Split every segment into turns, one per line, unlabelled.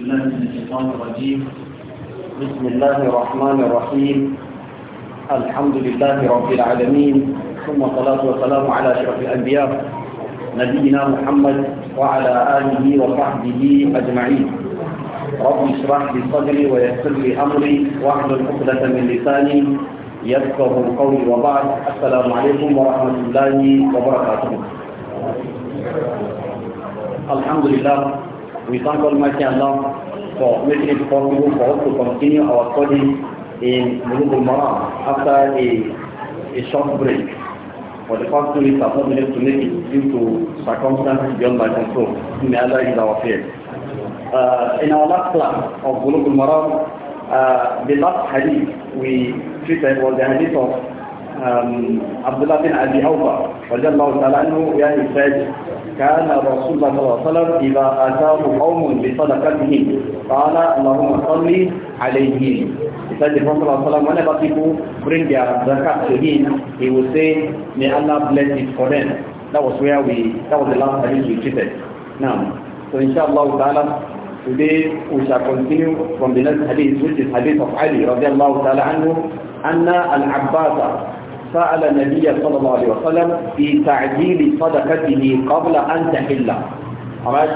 بسم الله الرحمن الرحيم الحمد لله رب العالمين ثم الصلاة والسلام على أشرف الأنبياء نبينا محمد وعلى آله وصحبه أجمعين رب اشرح لي صدري ويسر لي أمري واحلل عقدة من لساني يذكر قولي وبعد السلام عليكم ورحمة الله وبركاته لله we thank Almighty Allah for making it possible for us to continue our study in Mulukul Maram after a, a short break. For the past two weeks, I've not been able to make it due to circumstances beyond my control. May Allah is our fear. Uh, in our last class of Mulukul Maram, uh, the last hadith we treated was the hadith of عبد الله بن أبي أوفى رضي الله تعالى عنه يا إساج كان رسول الله صلى الله عليه وسلم إذا أتاه قوم بصدقتهم قال اللهم صل عليهم إساج صلى الله عليه وسلم whenever people bring their zakat to him he will say may Allah bless it for them that was where we that was the last hadith we treated now so inshallah ta'ala Today we shall continue from the next hadith, which is hadith of Ali radiallahu ta'ala anhu, أن العباس سأل النبي صلى الله عليه وسلم في تعجيل صدقته قبل أن تحل Alright,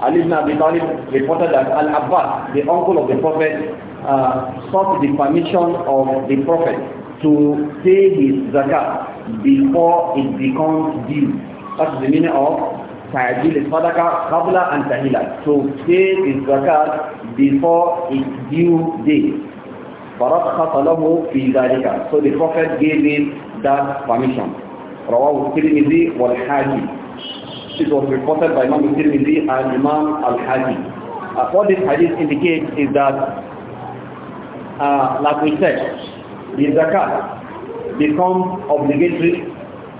Ali ibn Abi Talib reported that Al-Abbas, the uncle of the Prophet, uh, sought the permission of the Prophet to pay his zakat before it becomes due. That's the meaning of تعجيل الصدقة قبل أن tahila. To pay his zakat before its due date. So the Prophet gave him that permission. رواه Wal والحاكم. It was reported by Imam al-Tirmidhi and Imam al Hadi. Uh, what this hadith indicates is that, uh, like we said, the zakat becomes obligatory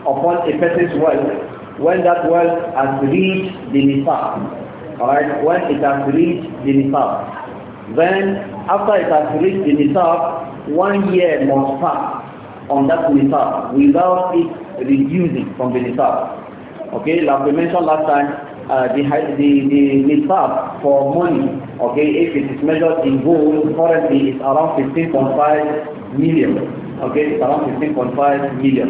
upon a person's wealth when that wealth has reached the nisab. Alright, when it has reached the nisab. Then after it has reached the nisab, one year must pass on that nisab without it reducing from the nisab. Okay, like we mentioned last time, uh, the, the, the nisab for money, okay, if it is measured in gold, currently it's around fifteen point five million. Okay, it's around five million.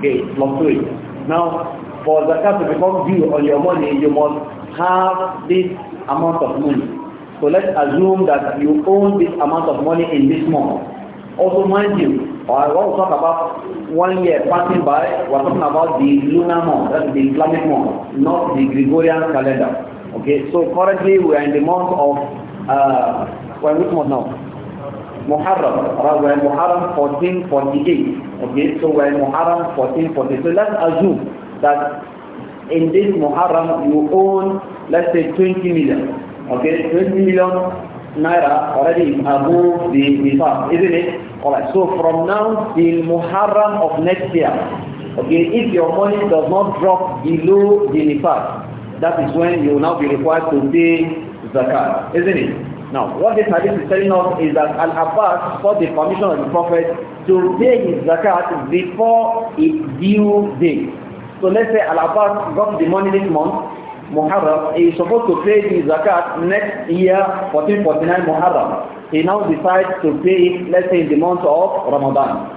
Okay, it fluctuates. Now, for zakat to become due on your money, you must have this amount of money. So let's assume that you own this amount of money in this month. Also mind you, I want to talk about one year passing by, we're talking about the lunar month, that's the Islamic month, not the Gregorian calendar. Okay, so currently we are in the month of, uh, well, which month now? Muharram, right? we're in Muharram 1448. Okay, so we're in Muharram 1448. So let's assume that in this Muharram you own, let's say 20 million. Okay, 20 million naira already is above the nifaq, isn't it? Alright, so from now till Muharram of next year, okay, if your money does not drop below the nifaq, that is when you will now be required to pay zakat, isn't it? Now, what this hadith is telling us is that Al-Abbas sought the permission of the Prophet to pay his zakat before its due date. So let's say Al-Abbas got the money this month, Muharram, he is supposed to pay the zakat next year, 1449 Muharram. He now decides to pay it, let's say, in the month of Ramadan.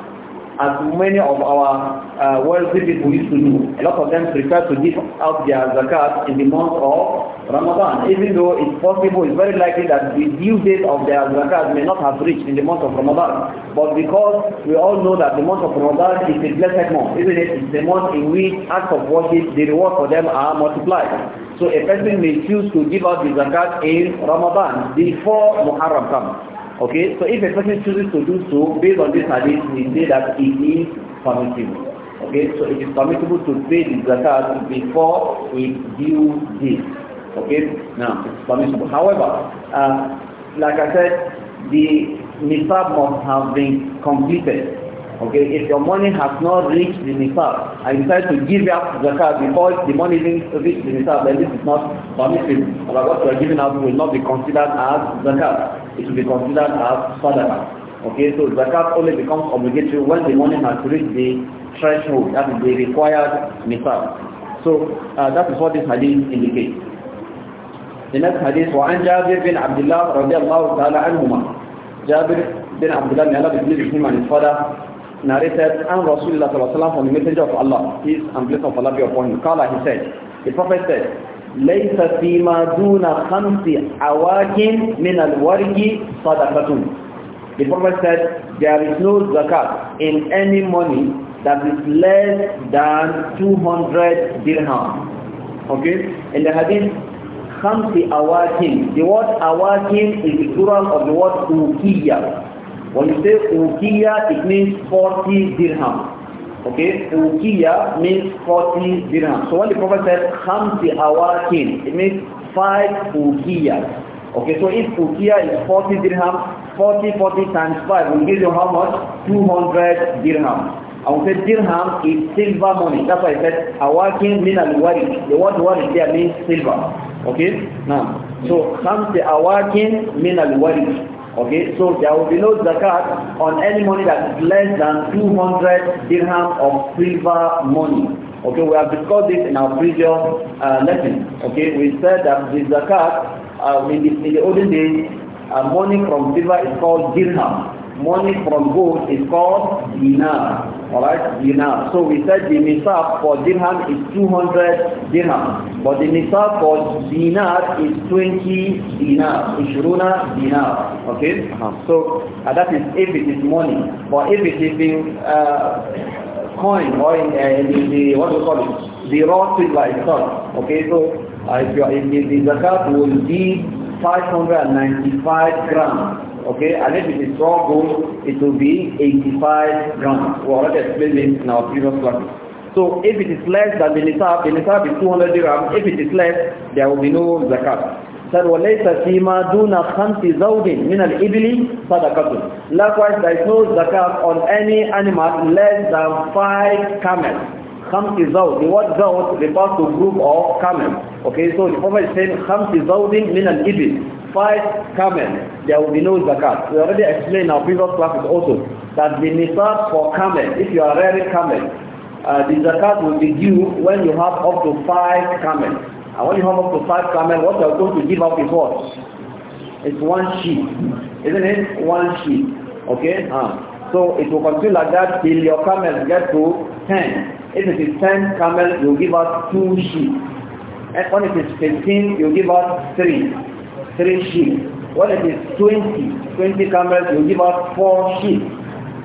As many of our uh, wealthy people used to do. A lot of them prefer to give out their zakat in the month of Ramadan. Even though it's possible, it's very likely that the due date of their zakat may not have reached in the month of Ramadan. But because we all know that the month of Ramadan is a blessed month, isn't it? It's the month in which acts of worship, the reward for them are multiplied. So a person may choose to give out the zakat in Ramadan before Muharram comes. Okay, so if a person chooses to do so, based on this hadith, we say that it is permissible. Okay, so it is permissible to pay the zakat before it due date. Okay, now it's permissible. However, uh, like I said, the nisab must have been completed Okay, if your money has not reached the nisab and you decide to give up zakat before the money reach the nisab, then this is not permissible. what you are giving out will not be considered as zakat. It will be considered as sadaqah. Okay, so zakat only becomes obligatory when the money has reached the threshold, that is the required nisab. So uh, that is what this hadith indicates. The next hadith, وعن جابر بن عبد الله رضي الله تعالى عنهما Abdullah بن عبد الله بن narrated and Rasulullah Sallallahu Alaihi from the Messenger of Allah, peace and blessing of Allah be upon him. Qala, he said, the Prophet said, لَيْسَ فِي مَا دُونَ خَمْسِ أَوَاكٍ مِنَ الْوَرْجِ صَدَقَةٌ The Prophet said, there is no zakat in any money that is less than 200 dirham. Okay? In the hadith, خَمْسِ أَوَاكٍ The word أَوَاكٍ is the plural of the word أُوْكِيَّةٌ When you say ukiya, it means 40 dirham. Okay, ukiya means 40 dirham. So when the Prophet says, khamsi awakin, it means five ukiya. Okay, so if ukiya is 40 dirham, 40, 40 times 5 will give you how much? 200 dirham. I would say dirham is silver money. That's why I said awakin min al warid. The word warid there means silver. Okay? Now, so khamsi awakin min al warid. Okay, so there will be no zakat on any money that is less than 200 dirham of silver money. Okay, we have discussed this in our previous uh, lesson. Okay, we said that the zakat uh, in, the, in the olden days, uh, money from silver is called dirham. money from gold is called dinar. Alright, dinar. So we said the nisab for dirham is 200 dirham. But the nisab for dinar is 20 dinar. Ishruna dinar. Okay? Uh -huh. So uh, that is if it is money. But if it is in uh, coin or in, uh, in the, what do you call it? The raw silver itself. Okay, so if, you are, if the zakat will be 595 grams Okay, and if it is raw gold, it will be 85 grams. We already explained this in our previous classes. So if it is less than the nisab, the nisab is 200 dirham. If it is less, there will be no zakat. Said, وَلَيْسَ فِيمَا دُونَ خَمْسِ زَوْدٍ مِنَ الْإِبِلِ صَدَقَةٌ Likewise, there is no zakat on any animal less than five camels. khamsi zawd. The word zawd refers to group of camels. Okay, so the Prophet is saying khamsi zawdin min al ibil. Five camels. There will be no zakat. We already explained in our previous classes also that the nisab for camel, if you are rearing camel, uh, the zakat will be due when you have up to five camels. And when you have up to five camels, what you are going to give up is what? It's one sheep. Isn't it? One sheep. Okay? Uh. So it will continue like that till your camels get to ten. If it is 10 camel, you give us 2 sheep. And when it is 15, you give us 3. 3 sheep. When it is 20, 20 camels, you give us 4 sheep.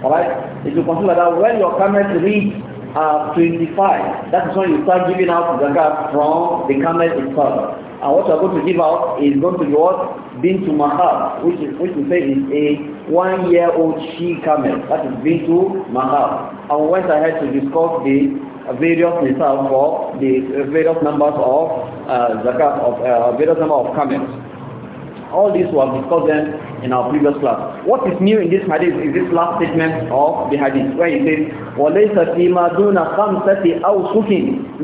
Alright? If you consider that when your camels reach uh, 25, that is when you start giving out the zakat from the camel itself. And what you are going to give out is going to be what? Bintu Mahab, which is which we say is a one-year-old she camel. That is Bintu Mahab. And we went ahead to discuss the various nisab for the various numbers of uh, zakat of uh, various number of camels. All this was discussed then in our previous class. What is new in this hadith is this last statement of the hadith where it says, وَلَيْسَ فِي مَا دُونَ خَمْسَةِ أَوْسُكٍ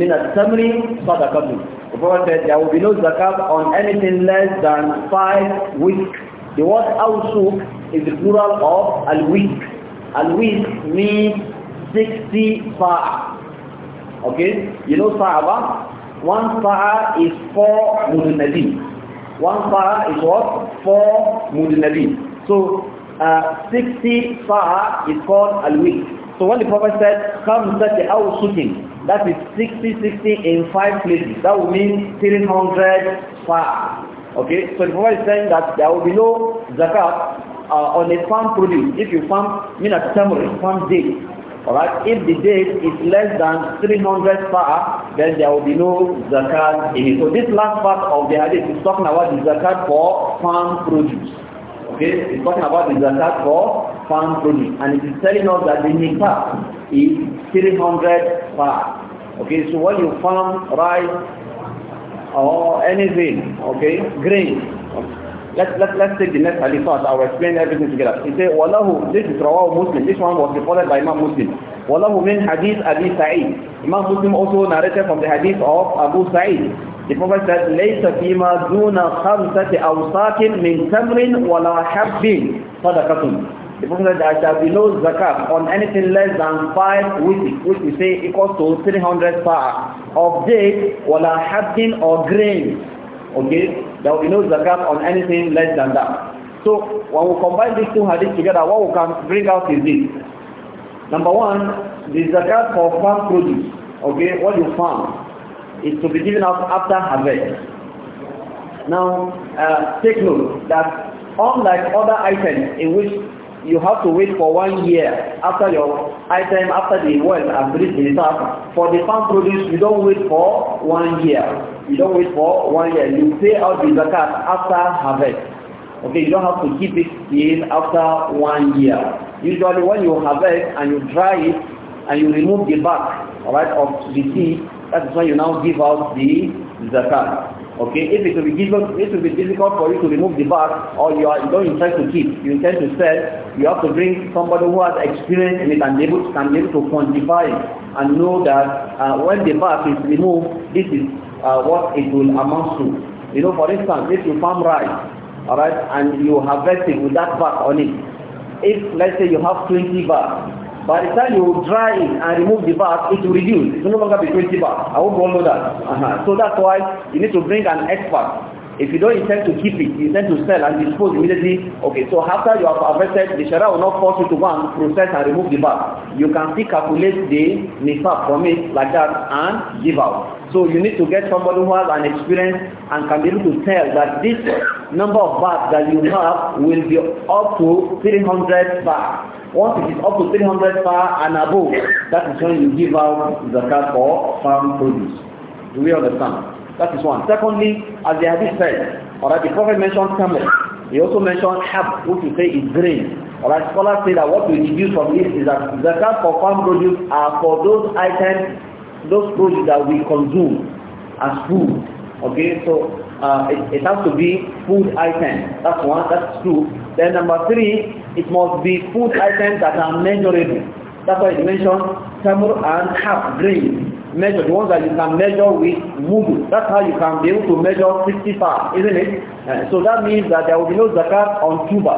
مِنَ التَّمْرِ صَدَقَةٌ The Prophet said there will be no zakat on anything less than five weeks. The word awsuk is the plural of al-week. Al-week means 60 sa'a. Okay? You know sa'aba? One sa'a is four mudunadi. One sa'a is what? Four mudunadi. So uh, 60 sa'a is called al-week. So when the Prophet said, come set the house shooting, that is 60, 60 in five places. That would mean 300 far. Okay, so the Prophet is saying that there will be no zakat uh, on a farm produce. If you farm, mean at summary, farm date. Alright, if the date is less than 300 far, then there will be no zakat in it. So this last part of the hadith is talking about the zakat for farm produce. Okay, it's talking about the zakat for farm produce. And it is telling us that the nipa is 300 per. Okay, so when you farm rice or anything, okay, grain. let, let's take the next hadith first. I will explain everything together. He said, Wallahu, this is Rawah Muslim. This one was reported by Imam Muslim. Wallahu min hadith Abi Sa'id. Imam Muslim also narrated from the hadith of Abu Sa'id. The Prophet said, لَيْسَ فِيمَا دُونَ خَمْسَةِ أَوْسَاكٍ مِنْ تَمْرٍ وَلَا حَبٍّ صَدَقَةٌ The Prophet said, there shall be no zakat on anything less than five wheat, which we say equals to 300 par of dates, wala hadin or grain. Okay? There will be no zakat on anything less than that. So when we combine these two hadiths together, what we can bring out is this. Number one, the zakat for farm produce. Okay, what you farm is to be given out after harvest. Now, uh, take note that unlike other items in which you have to wait for one year after your item, after the well and breed the reserve. For the farm produce, you don't wait for one year. You don't wait for one year. You pay out the zakat after harvest. Okay, you don't have to keep it in after one year. Usually when you harvest and you dry it and you remove the bark, all right, of the seed, that's why you now give out the zakat. Okay, if it will be difficult, it will be difficult for you to remove the bar, or you, are, you don't intend to keep, you intend to sell, you have to bring somebody who has experience and it and able, can be able to quantify and know that uh, when the bar is removed, this is uh, what it will amount to. You know, for instance, if you farm rice, all right, and you harvest it with that bar on it, if let's say you have 20 bar, By the time you dry it and remove the bath, it will reduce. It will no longer be 20 baht. I hope go know that. Uh -huh. So that's why you need to bring an expert. If you don't intend to keep it, you intend to sell and dispose immediately. Okay, so after you have harvested, the shara will not force you to go and process and remove the bath. You can still calculate the nisab from it like that and give out. So you need to get somebody who has an experience and can be able to tell that this number of baths that you have will be up to 300 baths. Once it is up to three hundred far and above, that is when you give out the card for farm produce. Do we understand? That is one. Secondly, as the hadith said, alright, the Prophet mentioned camel. He also mentioned hab, which we say is grain. Alright, scholars say that what we deduce from this is that the card for farm produce are for those items, those produce that we consume as food. Okay, so uh, it, it has to be food items. That's one, that's two. Then number three, it must be food items that are measurable. That's why it mentioned tamur and half grain. Measure the ones that you can measure with mudu. That's how you can be able to measure 65, isn't it? Uh, so that means that there will be no zakat on tuber,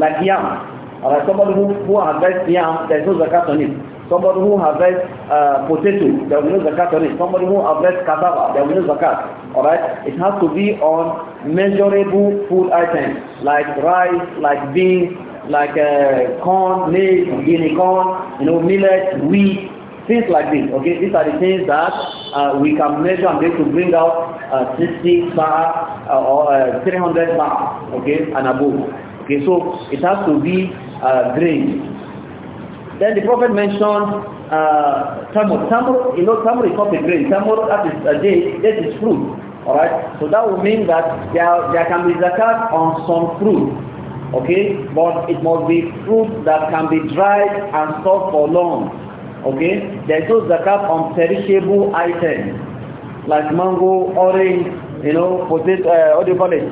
like yam. All somebody who, who harvests yam, there's no zakat on it. Somebody who harvests uh, potato, there will be no zakat on it. Somebody who harvests cassava, there will be no zakat. Alright? It has to be on measurable food items like rice, like beans, like uh, corn, maize, guinea corn, you know, millet, wheat, things like this. Okay, these are the things that uh, we can measure and be able to bring out uh, 60 bar uh, or uh, 300 bar, okay, and above. Okay, so it has to be uh, grain. Then the Prophet mentioned uh, tamur. Tamur, you know, tamur is not a grain. Tamur, that is a uh, date, that is fruit. Alright? So that would mean that there, there can be zakat on some fruit. Okay? But it must be fruit that can be dried and stored for long. Okay? There is no zakat on perishable items like mango, orange, you know, potato, uh, what do you call it?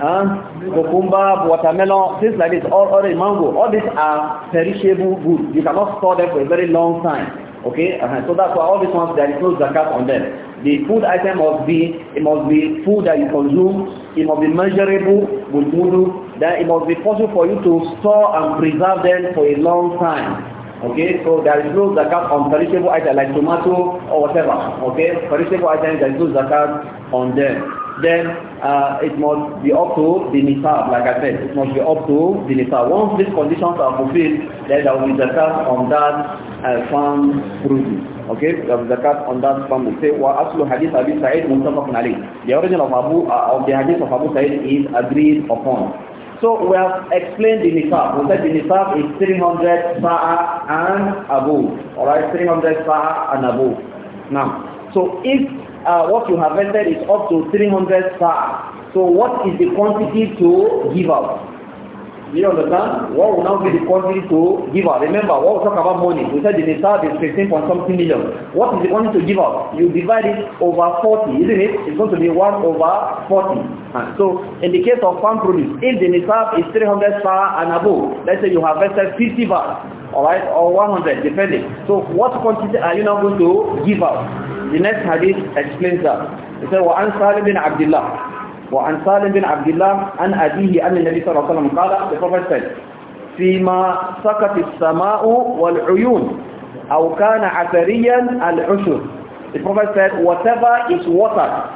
Huh? Cucumber, watermelon, things like this, all orange, mango. All these are perishable goods. You cannot store them for a very long time. Okay, uh -huh. so that's why all these ones, there is no zakat on them. The food item must be, it must be food that you consume, it must be measurable with wudu, that it must be possible for you to store and preserve them for a long time. Okay, so there is no zakat on perishable items like tomato or whatever. Okay, perishable items, there is no zakat on them then uh, it must be up to the nisab, like I said, it must be up to the nisab. Once these conditions are fulfilled, then there will be zakat on that uh, farm produce. Okay, there will be zakat on that farm. We say, wa aslu hadith Abi Sa'id muntafaqun alayh. The origin of Abu, uh, of the hadith of Abu Sa'id is agreed upon. So we have explained the nisab. We said the nisab is 300 sa'a and abu. Alright, 300 sa'a and abu. Now, so if uh, what you harvested is up to 300 sah. So what is the quantity to give out? You understand? What will now be the quantity to give out? Remember, what we talk about money. We said the nisab is 15 point something million. What is the quantity to give out? You divide it over 40, isn't it? It's going to be 1 over 40. So in the case of farm produce, if the nisab is 300 star and above, let's say you harvested 50 baht, right, or 100, depending. So what quantity are you now going to give out? The next hadith explains that. He said, وَأَنْ سَالِمْ بِنْ عَبْدِ اللَّهِ وَأَنْ سَالِمْ بِنْ عَبْدِ اللَّهِ أَنْ أَدِيهِ أَنِ النَّبِي صَلَى اللَّهُ عَلَيْهِ وَسَلَّمْ قَالَ The Prophet said, فيما سقط السماء والعيون أو كان عثريا العشر The Prophet said, whatever is watered,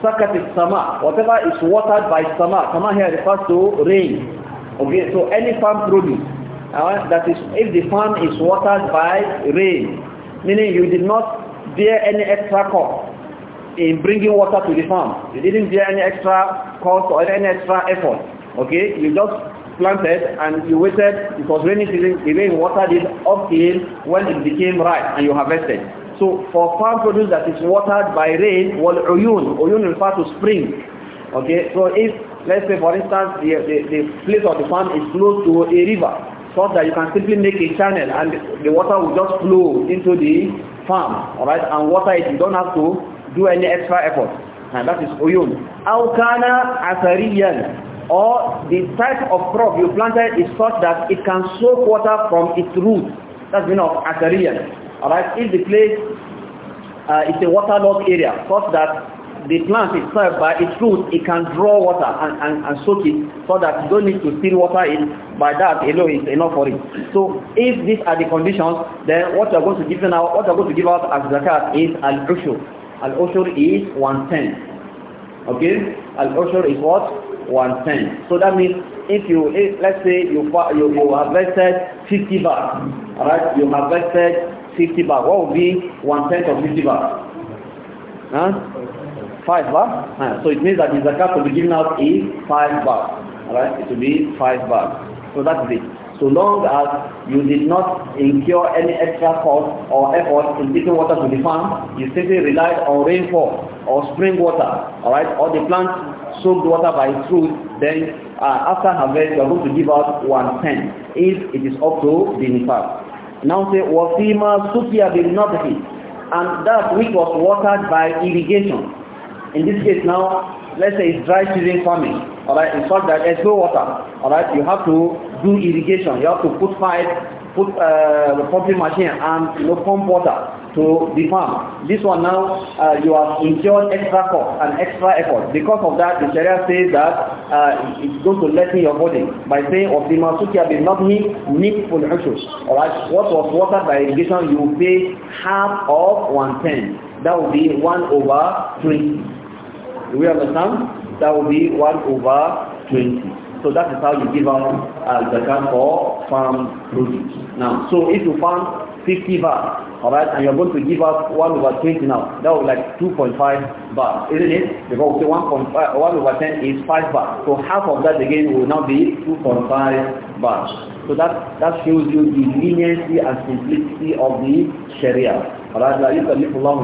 sakat is sama, whatever is watered by sama, sama here refers to rain. Okay, so any farm produce, Uh, that is, if the farm is watered by rain, meaning you did not bear any extra cost in bringing water to the farm. You didn't bear any extra cost or any extra effort. Okay, you just planted and you waited because rainy season, the rain watered it up till when it became ripe and you harvested. So for farm produce that is watered by rain, well, Oyun. Oyun refers to spring. Okay, so if, let's say for instance, the, the, the place of the farm is close to a river, so that you can simply make a channel and the water will just flow into the farm, all right? And water it, you don't have to do any extra effort. And that is uyun. Aukana asariyan, or the type of crop you planted is such that it can soak water from its roots. That's meaning of asariyan, all right? If the place uh, is a waterlogged area, such that the plant itself by its root it can draw water and, and, and soak it so that you don't need to still water in. by that alone is enough for it so if these are the conditions then what are going to give now what are going to give out as zakat is al-ushur al-ushur is one ten okay al-ushur is what one ten so that means if you if, let's say you you, you harvested 50 bags right you harvested 50 bags what would be one tenth of 50 bags Huh? five bar. Uh, so it means that the zakat to be given out is five bar. right? it will be five bar. So that's it. So long as you did not incur any extra cost or effort in taking water to the farm, you simply relied on rainfall or spring water, right? or the plant soaked water by its roots, then uh, after harvest you are going to give out one ten if it is up to the nifas. Now say wafima sukiya bin and that which was watered by irrigation In this case now, let's say it's dry season farming. All right, in fact that there's no water. All right, you have to do irrigation. You have to put pipe, put uh, the pumping machine and you know, pump water to the farm. This one now, uh, you have incurred extra cost and extra effort. Because of that, the Sharia says that uh, it's going to lessen your burden by saying, of the masuki bin nabhi nitful All right, what was watered by irrigation, you pay half of one ten. That would be one over three. Do we understand? That will be 1 over 20. So that is how you give out uh, zakat for farm produce. Now, so if you farm 50 bar, alright, and you're going to give out 1 over 20 now, that would like 2.5 bar, isn't it? Because 1, 1 over 10 is 5 bar. So half of that again will now be 2.5 bar. So that, that shows you the leniency and simplicity of the Sharia. Alright, la يكلف الله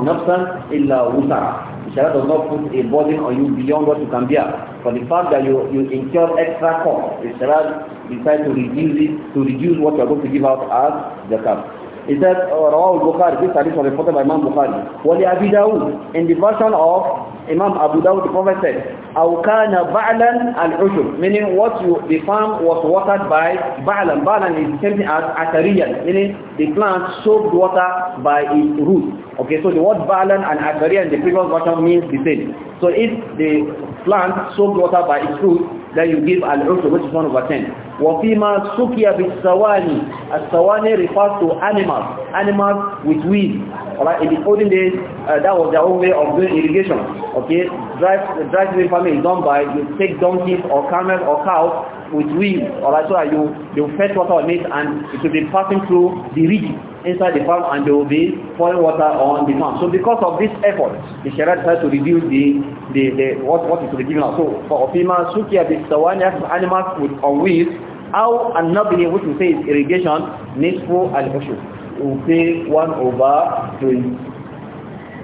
Sharia does not put a burden on you beyond what you can bear. For the fact that you, you incur extra cost, the Sharia decides to reduce it, to reduce what you are going to give out as zakat. It says, uh, Rawal Bukhari, this hadith was reported by Imam Bukhari. Wali Abi Dawud, in the version of Imam Abu Dawud, the Prophet said, أَوْ ba'lan al الْعُشُرْ Meaning what you, the farm was watered by ba'lan. Ba'lan is the same thing as atariyan, meaning the plant soaked water by its roots. Okay, so the word balan and akaria in the previous version means the same. So if the plant soaked water by its root, then you give al-usr, which is 1 over 10. وَفِيمَا سُكِيَ بِالسَّوَانِ As-sawani refers to animals, animals with weeds. Alright, in the olden days, uh, that was their own way of doing irrigation. Okay, dry, dry farming is done by, you take donkeys or camels or cows with weave or aswaya, they will fetch water on it and it will be passing through the ridge inside the farm and there will be pouring water on the farm. So because of this effort, the Sharia tries to reduce the, the, the what, what is to be given out. So for Opima, Sukia, the Sawanya, animals with on weeds, how another which we say is irrigation, Nisfu al-Ushu. We will pay one over 20.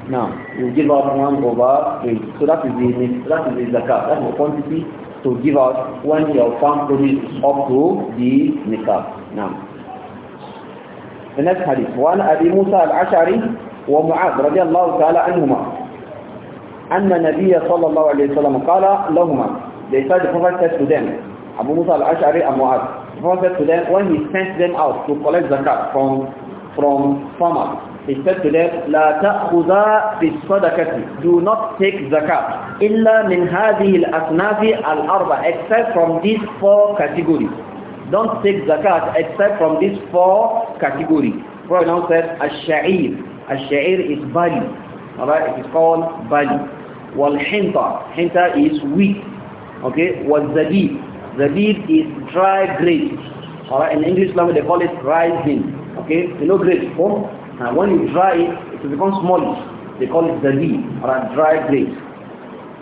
Now, you give up one over 20. So that is the, that is the zakat. That is the quantity to give out when your farm produce is up to the nikah. Now, the next hadith. One وعن Musa al-Ash'ari ومعاذ رضي الله تعالى عنهما أن النبي صلى الله عليه وسلم قال لهما They said the Prophet said to them, Abu Musa al-Ash'ari and Mu'adh. The Prophet said to them when he sent them out to collect zakat from, from farmers. He said to them, لا تأخذا في الصدقة. Do not take zakat. إلا من هذه الأصناف الأربع. Except from these four categories. Don't take zakat except from these four categories. Prophet now said, الشعير. الشعير is bali Alright, it is called bali والحنطة. حنطة is wheat. Okay, والزبيب. Zabib is dry grapes. Alright, in English language they call it rice bean. Okay, you know grapes, home? Now when you dry it, it becomes smallish. They call it zali, or a dry grape.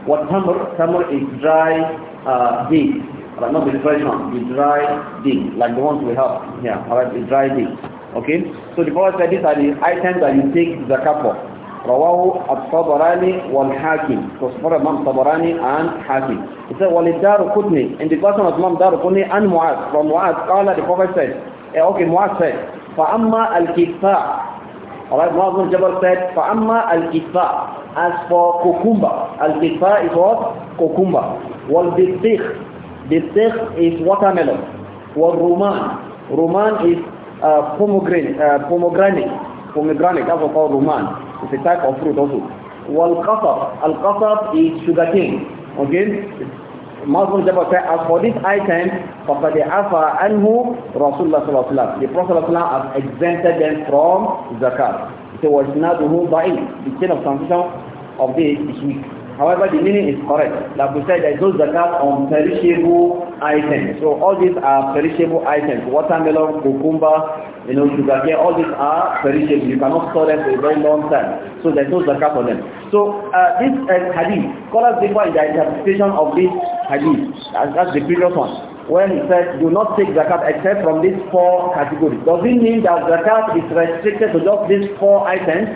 What tamar? Tamar is dry uh, date. Right, not the one, the dry date, like the ones we have here. Alright, the dry date. Okay? So the Prophet said these are the items that you take the zakat for. رواه الطبراني والحاكم تصبر امام طبراني عن حاكم وللدار قطني in the person of imam دار قطني عن معاذ from معاذ قال the prophet said eh, okay معاذ said فأما الكفاء Alright, Muaz Jabal said, فَأَمَّا الْكِفَى As for kukumba. al-kifa is what? Kokumba. وَالْبِطِّخ Bittikh is watermelon. وَالْرُمَان Ruman is uh, pomegranate, uh, pomegranate. Pomegranate, that's what called ruman. It's a type of fruit also. وَالْقَصَب Al-qasab is sugarcane. Again, okay? Muslim Jabal said, as for this item, the عَفَى and who Rasulullah The Prophet has exempted them from zakat. not said, وَإِسْنَادُهُ ضَعِيفٌ The chain of transmission of this is weak. However, the meaning is correct. Like we said, there is no zakat on perishable items. So all these are perishable items. Watermelon, cucumber, you know, sugar cane. all these are perishable. You cannot store them for a very long time. So there's no zakat on them. So uh, this uh, hadith, scholars differ in the interpretation of this hadith. As that's the previous one. When it says, do not take zakat except from these four categories. Does it mean that zakat is restricted to just these four items?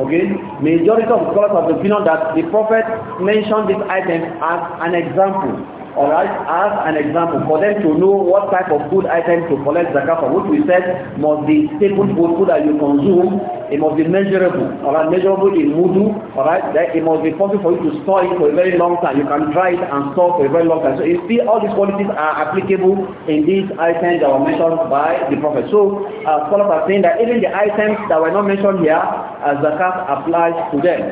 Okay? Majority of scholars have opinion that the Prophet mentioned this item as an example. Alright? As an example for them to know what type of food item to collect zakat for. Which we said must be staple food, food that you consume It must be measurable, alright, measurable in wudu, alright, that it must be possible for you to store it for a very long time. You can dry it and store for a very long time. So you see all these qualities are applicable in these items that were mentioned by the Prophet. So uh, scholars are saying that even the items that were not mentioned here, as uh, the zakat applies to them.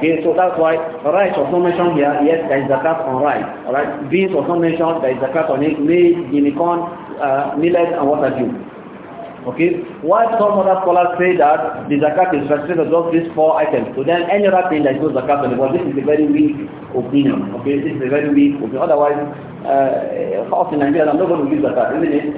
Okay, so that's why rice was not mentioned here, yes, there is a zakat on rice. Alright, beans was not mentioned, there is a zakat on it, maize, guinea corn, uh, millet and what have you. Okay? Why some other scholars say that the zakat is restricted to just these four items. So then any other thing that goes zakat on the well, this is a very weak opinion. Okay? This is a very weak opinion. Otherwise, uh, of course in Nigeria, I'm not going to give zakat, isn't it?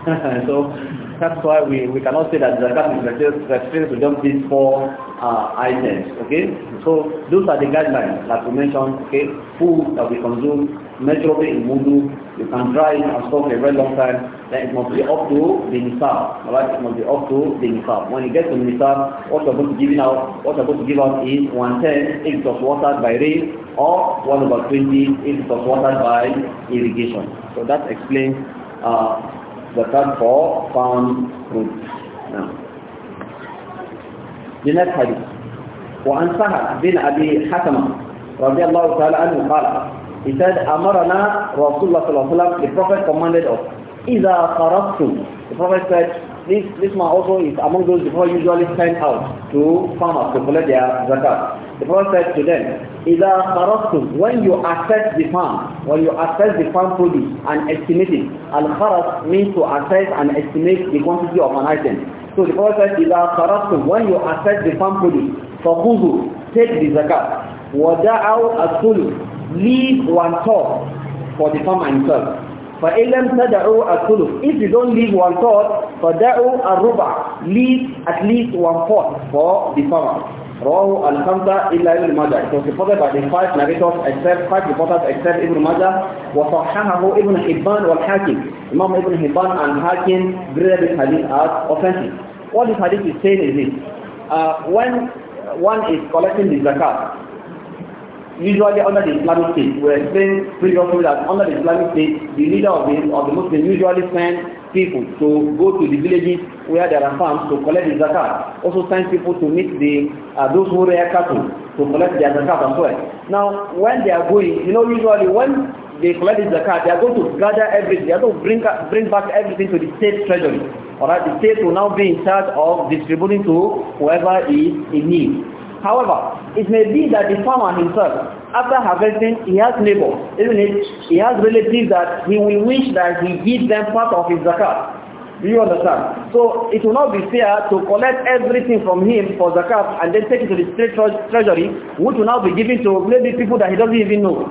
so that's why we, we cannot say that zakat is restricted to just these four uh, items. Okay? So those are the guidelines that we mentioned. Okay? Food that we consume, measurable in wudu, you can dry it and soak for a very long time, then it must be up to the nisab. Alright, it must be up to the nisab. When you get to the nisab, what you're going to give out, what you're going to give out is one ten if of water by rain, or one over twenty if of water by irrigation. So that explains uh, the third for found fruit. Now, the next hadith. وعن سهل بن أبي حكمة رضي الله تعالى عنه قال he said, Amarana Rasulullah sallallahu alayhi wa the Prophet commanded us, Iza faraftum. The Prophet said, this, this man also is among those who usually sent out to farmers to collect their zakat. The Prophet said to them, Iza faraftum. When you assess the farm, when you assess the farm produce and estimate it, al-kharaf means to assess and estimate the quantity of an item. So the Prophet said, Iza خَرَصْتُمْ When you assess the farm produce, فَخُذُوا Take the zakat. وَدَعَوْا الثُّلُث leave one thought for the farm and self. فَإِنْ لَمْ تَدَعُوا الثُّلُث If you don't leave one thought, for فَدَعُوا الرُّبَعَ Leave at least one thought for the farmer. رواه الخمسة إلا ابن ماجه. It was reported by the five narrators except five reporters except Ibn Majah وصححه Ibn Hibban والحاكم. Imam Ibn Hibban and Hakim graded this hadith as offensive. What this hadith is saying is this. Uh, when one is collecting the zakat, usually under the Islamic State, we explained previously that under the Islamic State, the leader of the, of the Muslim usually sends people to go to the villages where there are farms to collect the zakat. Also sends people to meet the uh, those who rear cattle to collect their zakat as well. Now, when they are going, you know, usually when they collect the zakat, they are going to gather everything, they are going to bring, uh, bring back everything to the state treasury. Alright, the state will now be in charge of distributing to whoever is in need. However, it may be that the farmer himself, after harvesting, he has neighbors, isn't it? He has relatives that he will wish that he give them part of his zakat. Do you understand? So it will not be fair to collect everything from him for zakat and then take it to the state treasury, which will now be given to maybe people that he doesn't even know.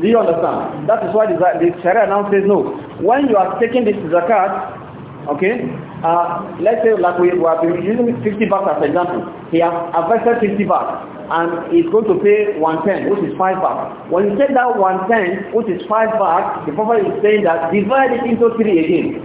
Do you understand? That is why the Sharia now says no. When you are taking this zakat, okay, Uh, let's say like we, we have been using 50 bucks as an example. He has invested 50 bucks and he's going to pay 110, which is 5 bucks. When you take that 110, which is 5 bucks, the prophet is saying that divide it into three again.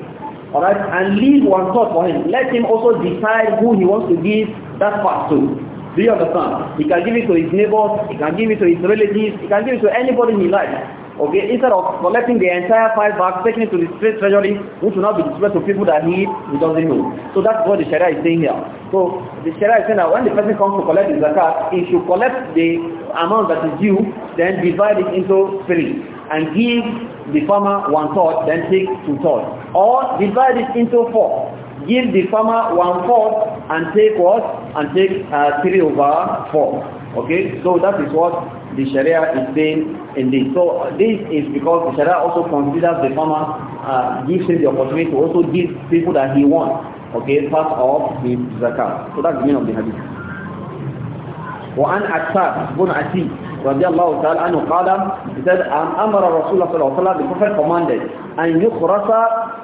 Alright? And leave one thought for him. Let him also decide who he wants to give that part to. Do you understand? He can give it to his neighbors, he can give it to his relatives, he can give it to anybody he likes. Okay, instead of collecting the entire five bags, taking it to the state treasury, which will not be distributed to people that need, who doesn't know. So that's what the Sharia is saying here. So the Sharia is saying that when the person comes to collect the zakat, he should collect the amount that is due, then divide it into three, and give the farmer one third, then take two thirds. Or divide it into four, give the farmer one fourth, and take what? And take uh, three over four. Okay, so that is what the Sharia is saying in this. So this is because the Sharia also considers the farmer, uh, gives him the opportunity to also give people that he wants, okay, part of the zakat. So that's the meaning of the hadith. وعن عتاب بن عتيب رضي الله تعالى عنه قال said أمر رسول الله صلى الله عليه وسلم the prophet commanded أن يخرس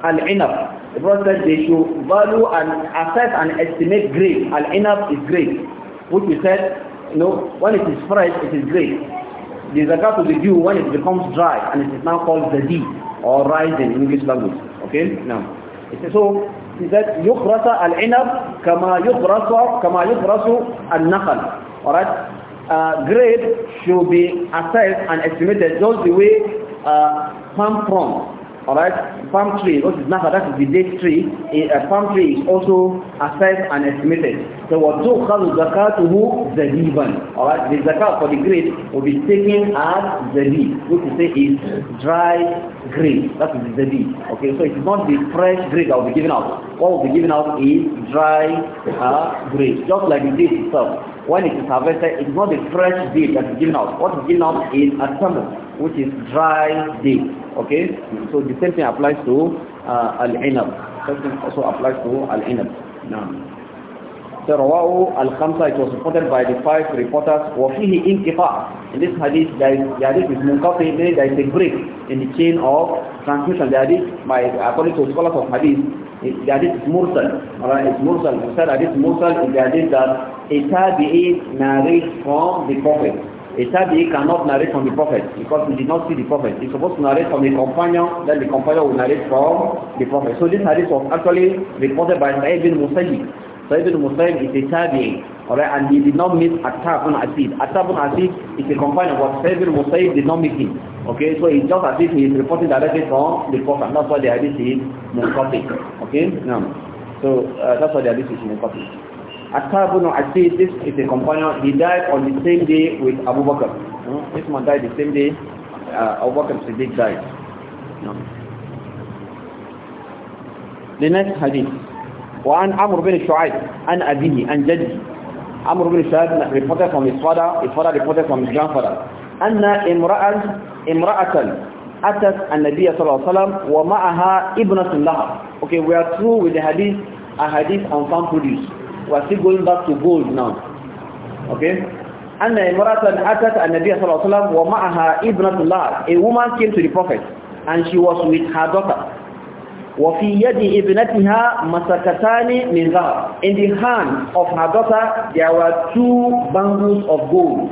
العنب the prophet said they should value and assess and estimate grape العنب is grape which he said No, when it is fresh, it is great. The zakat of the dew, when it becomes dry, and it is now called the D or rising in English language. Okay? Now, so, he said, يُقْرَسَ الْعِنَبْ كَمَا يُقْرَسُ كَمَا يُقْرَسُ النَّخَلْ Alright? Uh, grade should be assessed and estimated just the way uh, palm All right, palm tree, what is Nafa, that is the date tree, a, a palm tree is also assessed and estimated. So وَتُخَذُ زَكَاتُهُ زَلِيبًا who the All right, the zakat for the grape will be taken as the zalib, which is say is dry grape, that is the zalib. Okay, so it's not the fresh grape that will be given out. What will be given out is dry uh, grape, just like the date itself. When it is harvested, it's not the fresh date that is given out. What is given out is a summer. which is dry day, Okay? So the same thing applies to uh, al-inab. Same thing also applies to al-inab. Now. So Rawahu al-Khamsa, it was reported by the five reporters, وَفِيهِ إِنْكِفَاء In this hadith, the hadith is munkafi, there is a break in the chain of transmission. The hadith, by, according to scholars of hadith, the hadith is mursal. Alright, it's mursal. We said hadith mursal is the hadith that a tabi'i narrates from the Prophet. A tabi cannot narrate from the prophet because he did not see the prophet. He supposed to narrate from the companion, then the companion will narrate from the prophet. So this hadith was actually reported by Sa'id bin Musayyib. Sa'id bin Musayyib is a tabi, alright, and he did not meet Attab bin Asid. Attab bin Asid is a companion, but Sa'id bin Musayyib did not meet him. Okay, so it's just as if he is reporting directly from the prophet. That's why the hadith is Muqatik. Okay, now, so uh, that's why the hadith is Muqatik. Attar ibn Asid, this is a companion, he died on the same day with Abu Bakr. Hmm? This man died the same day uh, Abu Bakr Siddiq died. Hmm. The next hadith. وعن عمرو بن شعيب عن أبيه عن جدي عمرو بن شعيب reported from his father his father reported from his grandfather أن امرأة امرأة أتت النبي صلى الله عليه وسلم ومعها ابنة لها okay we are through with the hadith a hadith on farm produce we're still going back to gold now. Okay? And امرأة أتت النبي صلى الله عليه وسلم ومعها ابنة a woman came to the prophet and she was with her daughter وفي يد ibnatiha masakatani من in the hand of her daughter there were two bangles of gold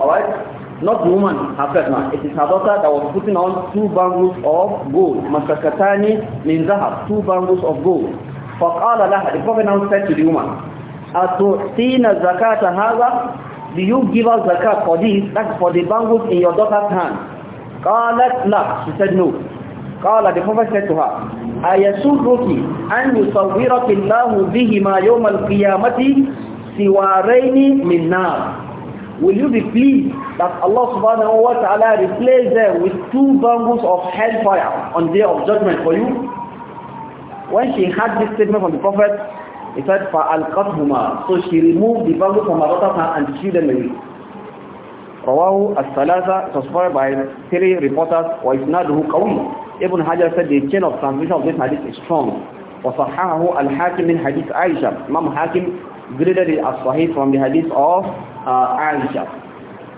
alright not the woman herself now it is her daughter that was putting on two bangles of gold Masakatani من ذهب two bangles of gold فقال لها, the Prophet now said to the woman, أَتُعْتِينَ زَكَاةَ هَذَا Do you give us zakat for this, that's for the bangles in your daughter's hand? قالت لا, she said no. قال the Prophet said to her, أَيَسُرُّكِ أَنْ يُصَوِّرَكِ اللَّهُ بِهِمَا يَوْمَ الْقِيَامَةِ سِوَارَيْنِ مِنْ نَارٍ will you be pleased that Allah subhanahu wa ta'ala replaces them with two bangles of hellfire on day of judgment for you? When she heard this statement from the Prophet, he said, فَأَلْقَتْهُمَا So she removed the bundle from her daughter's hand and threw them away. رواه الثلاثة it was reported by three reporters وإسناده قوي Ibn Hajar said the chain of transmission of this hadith is strong وصححه الحاكم من hadith عائشة Imam Hakim graded the as sahih from the hadith of uh, Aisha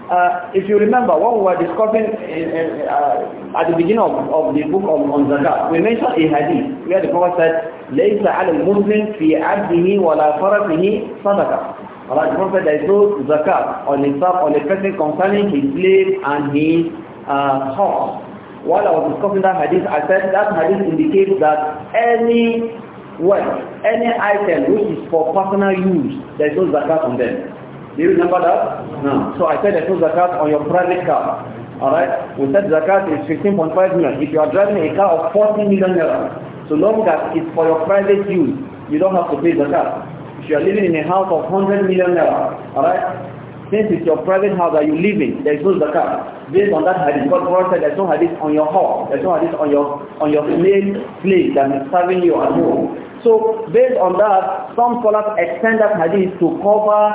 uh, if you remember, when we were discussing uh, at the beginning of, of the book on, on zakat, we mentioned a hadith where the Prophet said, لَيْسَ عَلَى الْمُسْلِمِ فِي عَبْدِهِ وَلَا فَرَقِهِ صَدَقَةً the Prophet there is no zakat on himself, on a person concerning his slave and his uh, horse. While I was discussing that hadith, I said that hadith indicates that any wealth, any item which is for personal use, there is no zakat on them. Do you remember that? No. So I said I took zakat on your private car. Alright? We said zakat is 15.5 million. If you are driving a car of 40 million naira, so long that it's for your private use, you don't have to pay zakat. If you are living in a house of 100 million naira, alright? Since it's your private house that you live in, there is no zakat. Based on that hadith, God said there's no hadith on your house, there's no hadith on your on your slave place that is serving you at home. So based on that, some scholars extend that hadith to cover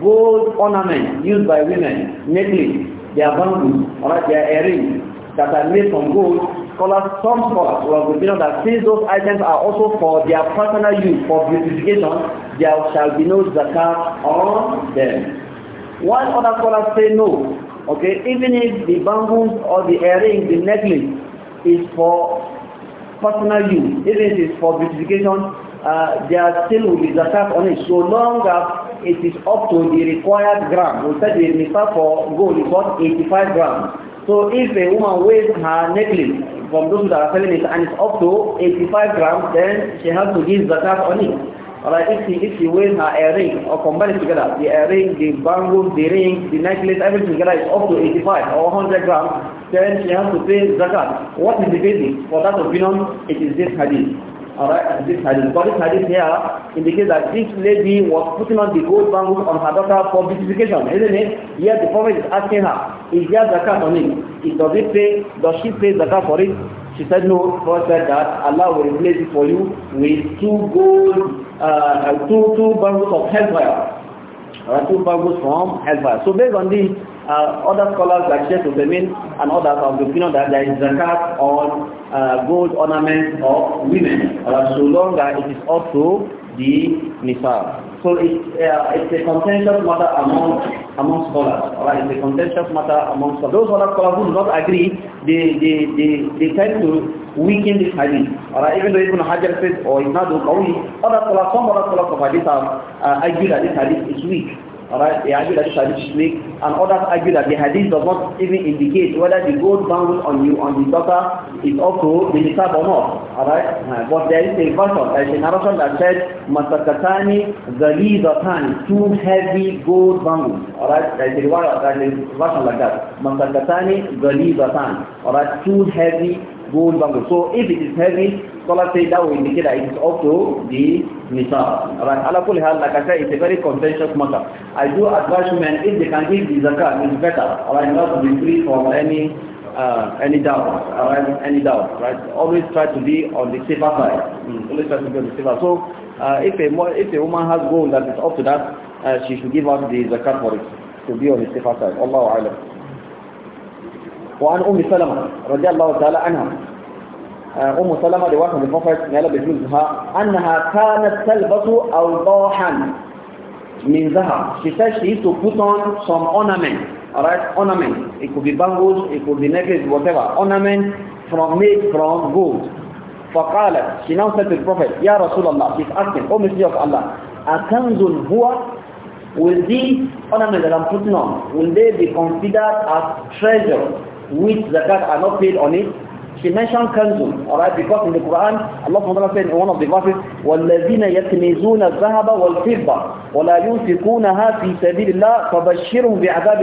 gold ornaments used by women, necklace, their bangles, or their earrings that are made from gold. Scholars, some scholars will be known that since those items are also for their personal use for beautification, there shall be no zakat on them. While other scholars say no, okay, even if the bangles or the earrings, the necklace is for personal use, even if it's for beautification, uh, there still will be zakat on it so long as it is up to the required gram. We said the misal for gold is eighty five grams. So if a woman weighs her necklace from those that are selling it and it's up to eighty five grams, then she has to give zakat on it. Alright, if she, if she weighs her earring or combine it together, the earring, the bangle, the ring, the necklace, everything together is up to eighty five or hundred grams, then she has to pay zakat. What is the basis? For that opinion, it is this hadith. Alright, this hadith. But this hadith here indicates that this lady was putting on the gold bangles on her daughter for beautification, isn't it? Yet the Prophet is asking her, is there zakat on it? it does it pay? Does she pay zakat for it? She said, no, God said that Allah will replace it for you with two gold, uh, two, two bangles of hellfire. Uh, two bangles from hellfire. So based on this, Uh, other scholars like Sheikh Uthamin and others have the opinion that there is zakat on uh, gold ornaments of women, uh, so long as it is also the nisab. So it uh, it's a contentious matter among, among scholars. Right? It's a contentious matter among scholars. Those other scholars who do not agree, they, they, they, they tend to weaken this hadith. Right? Even though Ibn Hajar says, oh, or Ibn Adu Qawi, other scholars, some other scholars of hadith have uh, argued that this hadith is weak. Alright, they argue that the hadith is weak, and others argue that the hadith does not even indicate whether the gold bound on you on the daughter is also the nisab or not. Alright, uh, but there is a version, there is a narration that says, Masakatani Zalizatani, two heavy gold bound. Alright, there is a version like that. Masakatani Zalizatani, alright, two heavy gold bangle. So if it is heavy, scholars say that will indicate that it is also the nisab. Alright, Allah hal, like I said, it's a very contentious matter. I do advise women, if they can give the zakat, it's better. Alright, not to be free from any uh, any doubt, alright, any doubt, right? Always try to be on the safer side. Mm. Always try to be on the safer. So, uh, if a if a woman has gold that is up to that, uh, she should give out the zakat for it to be on the safer side. Allah Alam. وعن أم سلمة رضي الله تعالى عنها أم سلمة رواية من البخاري قال بجوزها أنها كانت تلبس أوضاحا من ذهب she said she used to put on some ornament alright ornament it could be bangles it could be necklace whatever ornament from made from gold فقالت she now said to the prophet يا رسول الله she's asking oh messenger of Allah أكنز هو will these ornaments that I'm putting on will they be considered as treasure which zakat are not paid on it, she mentioned kanzun, alright, because in the Quran, Allah subhanahu wa ta'ala said in one of the verses, وَالَّذِينَ يَكْنِزُونَ الذَّهَبَ وَالْفِضَّةَ وَلَا يُنْفِقُونَهَا فِي سَبِيلِ اللَّهِ فَبَشِّرْهُمْ بِعَذَابٍ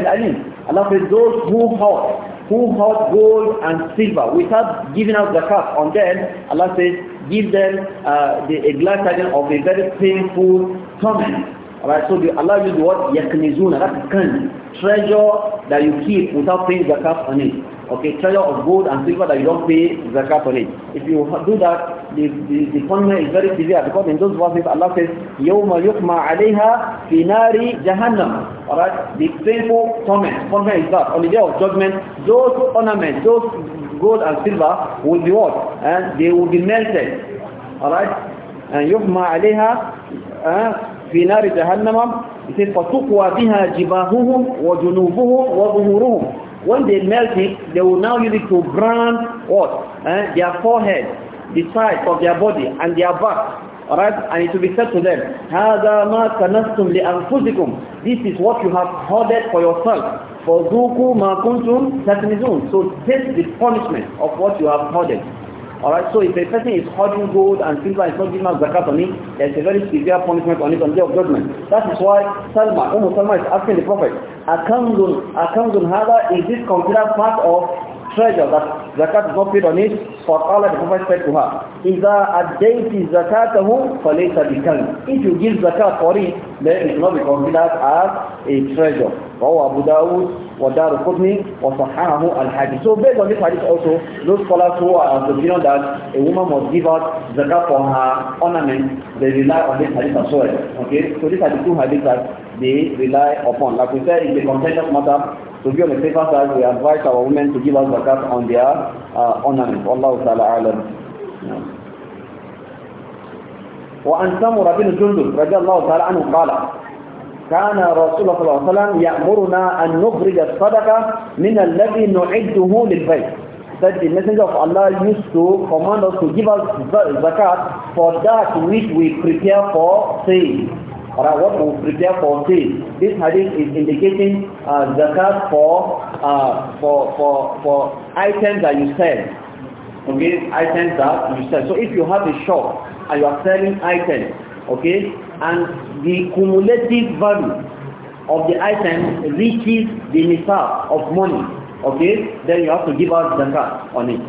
Allah said, those who hoard, who hoard gold and silver without giving out zakat on them, Allah says, give them uh, the, a glad tidings of a very painful torment. Alright, so the, Allah used the word yaknizuna, is kind treasure that you keep without paying zakat on it. Okay, treasure of gold and silver that you don't pay zakat on it. If you do that, the, the, the punishment is very severe because in those verses Allah says, يَوْمَ يُقْمَى عَلَيْهَا فِي نَارِ جَهَنَّمَ Alright, the painful torment, punishment is that. On the day of judgment, those ornaments, those gold and silver will be what? And they will be melted. Alright, and يُقْمَى عَلَيْهَا uh, في نار جهنم فتقوى بها جباههم وجنوبهم وظهورهم When they melt it, they will now use it to brand what? Eh? Their forehead, the sides of their body and their back. Alright? And it will be said to them, هَذَا مَا كَنَسْتُمْ لِأَنفُسِكُمْ This is what you have hoarded for yourself. فَذُوكُوا ما كنتم تَكْنِزُونَ So taste the punishment of what you have hoarded. Alright, so if a person is hoarding gold and silver and is not giving out zakat on it, there's a very severe punishment on it on the day of judgment. That is why Salma, Umm Salma is asking the Prophet, Akamdun, Akamdun Hada, is this considered part of treasure that zakat is not paid on it, for فَقَالَ The Prophet said to her, If إِذَا أَدَّيْتِ زَكَاتَهُ فَلَيْسَ بِكَلْمٍ If you give zakat for it, then it will not be considered as a treasure. رواه أبو داود ودار القطني وصححه الحديث. So based on this hadith also, those scholars who are of the opinion that a woman must give out zakat for her ornament, they rely on this hadith as well. Okay, so these are the two hadiths that they rely upon. Like we said, it's a contentious matter. to be on the safer side, we advise our women to give us zakat on their uh, ornaments. Allah ta'ala alam. وعن سمر بن جندب رضي الله تعالى عنه قال كان رسول الله صلى الله عليه وسلم يأمرنا أن نخرج الصدقة من الذي نعده للبيت that the messenger of Allah used to command us to give us zakat for that which we prepare for sale All what we prepare for sale. This hadith is indicating uh, zakat for, uh, for, for, for items that you sell. Okay, items that you sell. So if you have a shop and you are selling items, okay, and the cumulative value of the item reaches the nisab of money, okay, then you have to give out zakat on it.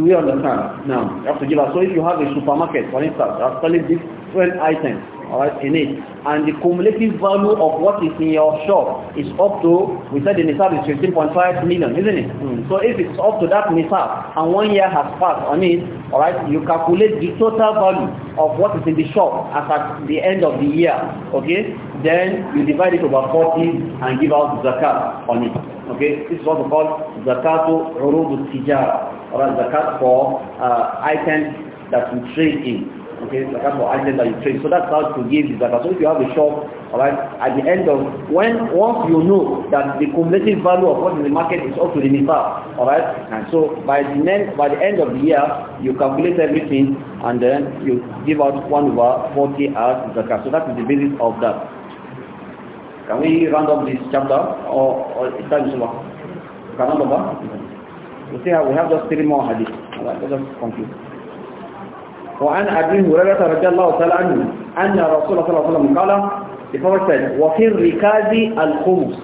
We understand now. You have to give out. So if you have a supermarket, for instance, you are selling different items, right, in it. And the cumulative value of what is in your shop is up to, we said the nisab is 15.5 million, isn't it? Mm. So if it's up to that nisab and one year has passed on it, right, you calculate the total value of what is in the shop as at the end of the year, okay? Then you divide it over 40 and give out zakat on it, okay? This is what we call zakatu urud tijara, or zakat for uh, items that you trade in. Okay, zakat for that you So that's how to give the zakat. So if you have a shop, alright, at the end of when once you know that the cumulative value of what in the market is up to the nisab, alright, and so by the end by the end of the year you calculate everything and then you give out one over forty as zakat. So that is the basis of that. Can we round up this chapter or, or it's time to Can round up? We see we have just three more hadith. Alright, let us conclude. وعن أبي هريرة رضي الله تعالى عنه أن رسول الله صلى الله عليه وسلم قال وفي الركاز الخمس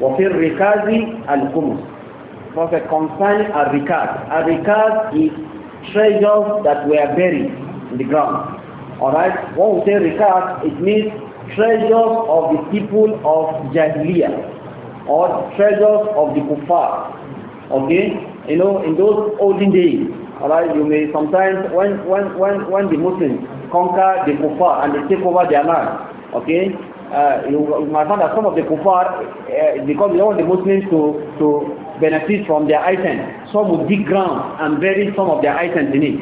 وفي الركاز الخمس Prophet concerning a rikaz. A rikaz is treasures that were buried in the ground. Alright? When we say rikaz, it means treasures of the people of Jahiliyyah or treasures of the kuffar. Okay? You know, in those olden days, Alright, you may sometimes, when, when, when, when the Muslims conquer the kuffar and they take over their land, okay, uh, you, might find that some of the kuffar, uh, because they want the Muslims to, to benefit from their items, some will dig ground and bury some of their items in it.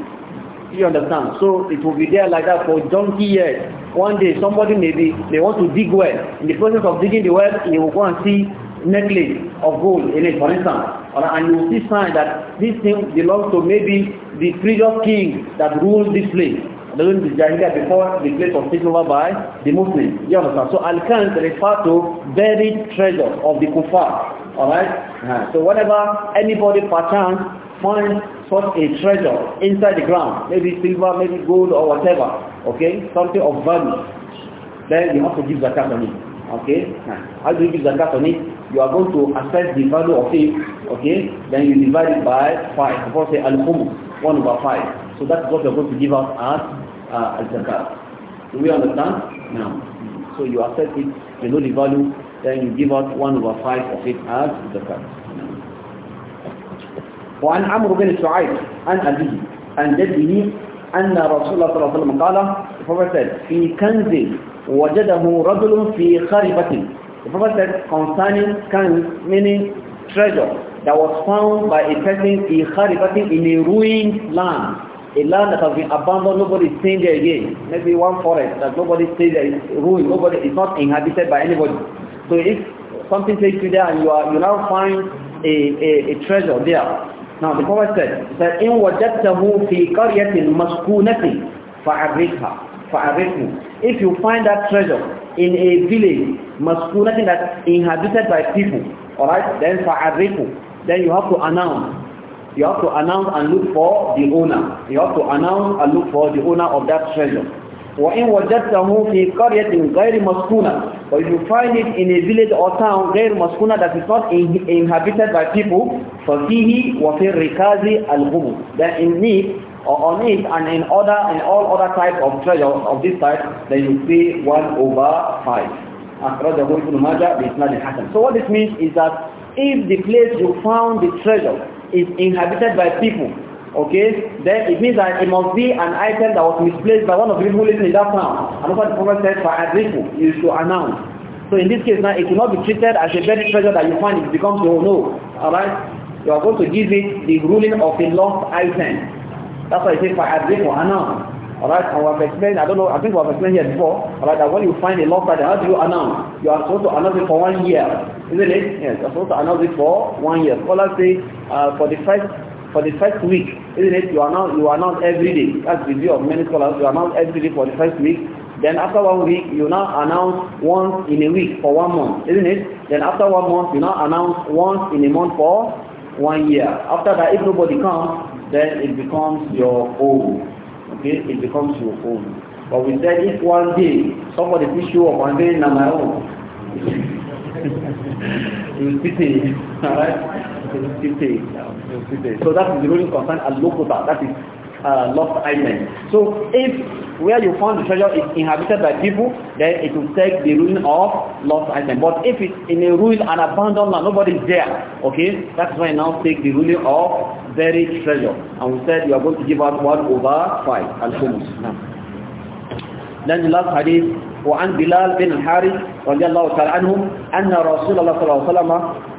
You understand? So it will be there like that for donkey years. One day somebody maybe, they want to dig well. In the process of digging the well, you will go and see necklace of gold in it, for instance. Right? And you see sign that this thing belongs to maybe the previous king that ruled this place. During the Jahiliyyah before the place was taken over by the Muslims. You understand? So Alkan kans refer to buried treasures of the kuffar. Alright? Yeah. So whenever anybody perchance finds such a treasure inside the ground, maybe silver, maybe gold or whatever, okay, something of value, then you have to give zakat on it. Okay? Yeah. How do you give zakat on it? you are going to assess the value of it, okay? Then you divide it by 5. The Prophet said, Al-Khum, 1 over 5. So that's what you are going to give out as uh, Al-Zakat. Do we understand? No. so you assess it, you know the value, then you give out 1 over 5 of it as Zakat. وعن عمرو بن سعيد عن أبيه عن جده أن رسول الله صلى الله عليه وسلم قال فبسل في كنز وجده رجل في خربة the Prophet said concerning can meaning treasure that was found by a person in in a ruined land. A land that has been abandoned, nobody is staying there again. Maybe one forest that nobody stays there is ruined, nobody is not inhabited by anybody. So if something takes you there and you are you now find a, a, a treasure there. Now the Prophet said that in wajadtahu fi for maskunatin for fa'arifhu. If you find that treasure in a village, maskuna that's inhabited by people, alright, then fa'arifu, then you have to announce. You have to announce and look for the owner. You have to announce and look for the owner of that treasure. in وجدته fi قرية غير maskuna, or if you find it in a village or town غير maskuna that is not in inhabited by people fi وفي al الغمو then in need on it and in other in all other types of treasure of this type then you pay one over five. the أخرجه ابن ماجه بإسناد حسن. So what this means is that if the place you found the treasure is inhabited by people, okay, then it means that it must be an item that was misplaced by one of the people living in that town. And what the Prophet said, فَأَدْرِكُ You should announce. So in this case now, it will not be treated as a buried treasure that you find it becomes your no. Alright? You are going to give it the ruling of a lost item. That's why I say فَحَرِّمْ وَأَنَامْ Alright, and we've explained, I don't know, I think we've explained here before, alright, that when you find a law pattern, how do you announce? You are supposed to announce it for one year, isn't it? Yes, You are supposed to announce it for one year. So let's say, uh, for the first for the first week, isn't it? You announce, you announce every day. That's the view of many scholars. You announce every day for the first week. Then after one week, you now announce once in a week for one month, isn't it? Then after one month, you now announce once in a month for one year. After that, if nobody comes, then it becomes your own. Okay, it becomes your own. But we said if one day somebody picks you up and say, "Now my own," you will pity, alright? You will pity. So that is the only concern. Al-Lukuta, that is Uh, lost island. So if where you found the treasure is inhabited by people, then it will take the ruin of lost island. But if it's in a ruin and abandoned land, nobody's there, okay, that's why now take the ruling of buried treasure. And we said you are going to give out one over five. Al-Khumus. لأن الله حديث وعن بلال بن الحارث رضي الله تعالى عنهم أن رسول الله صلى الله عليه وسلم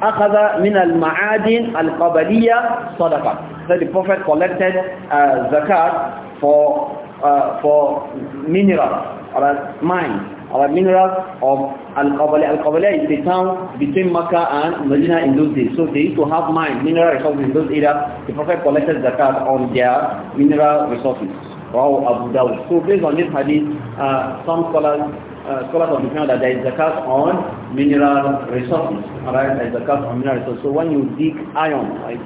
أخذ من المعادن القبلية صدقة so the prophet collected uh, zakat for uh, for minerals or mines or minerals of al qabaliya al qabaliya is the town between Makkah and Medina in those days. So they used to have mines, mineral resources in those areas. The Prophet collected zakat on their mineral resources. Rahu Abu Dawud. So based on this hadith, uh, some scholars uh, scholars have determined that there is zakat on mineral resources. Alright, there is zakat on mineral resources. So when you dig iron, right,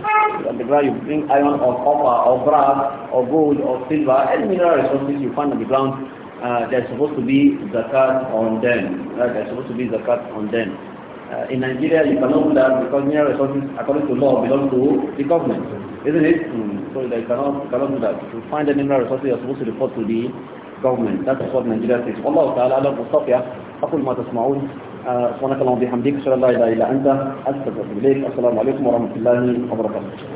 on the ground you bring iron or copper or brass or gold or silver, any mineral resources you find on the ground, uh, there's supposed to be zakat on them. Right, there's supposed to be zakat on them. Uh, in Nigeria, you cannot do that because mineral resources, according to law, belong to the government. isn't it? Mm. So they cannot, cannot do that. To find any mineral resources, you're supposed to report to the government. That's what Nigeria says. والله تعالى أعلم وصفية أقول ما تسمعون سبحانك اللهم وبحمدك أشهد أن لا إله إلا أنت أستغفرك إليك السلام عليكم ورحمة الله وبركاته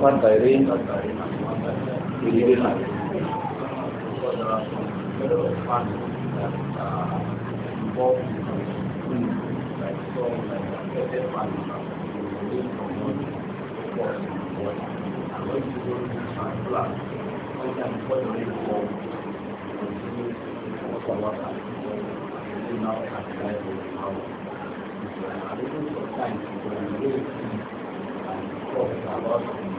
k กันไป้รับก็ไป้รับก็ได้ครับกได้รับ
ก็ได้ครับก็ได้ครได้รับก็ได้ได้รับก็ได้ได้รับก็ได้ได้รับก็ได้ได้รับก็ได้ได้รับก็ได้ได้รับก็ได้ได้รับก็ได้ได้รับก็ได้ได้รับก็ได้ได้รับก็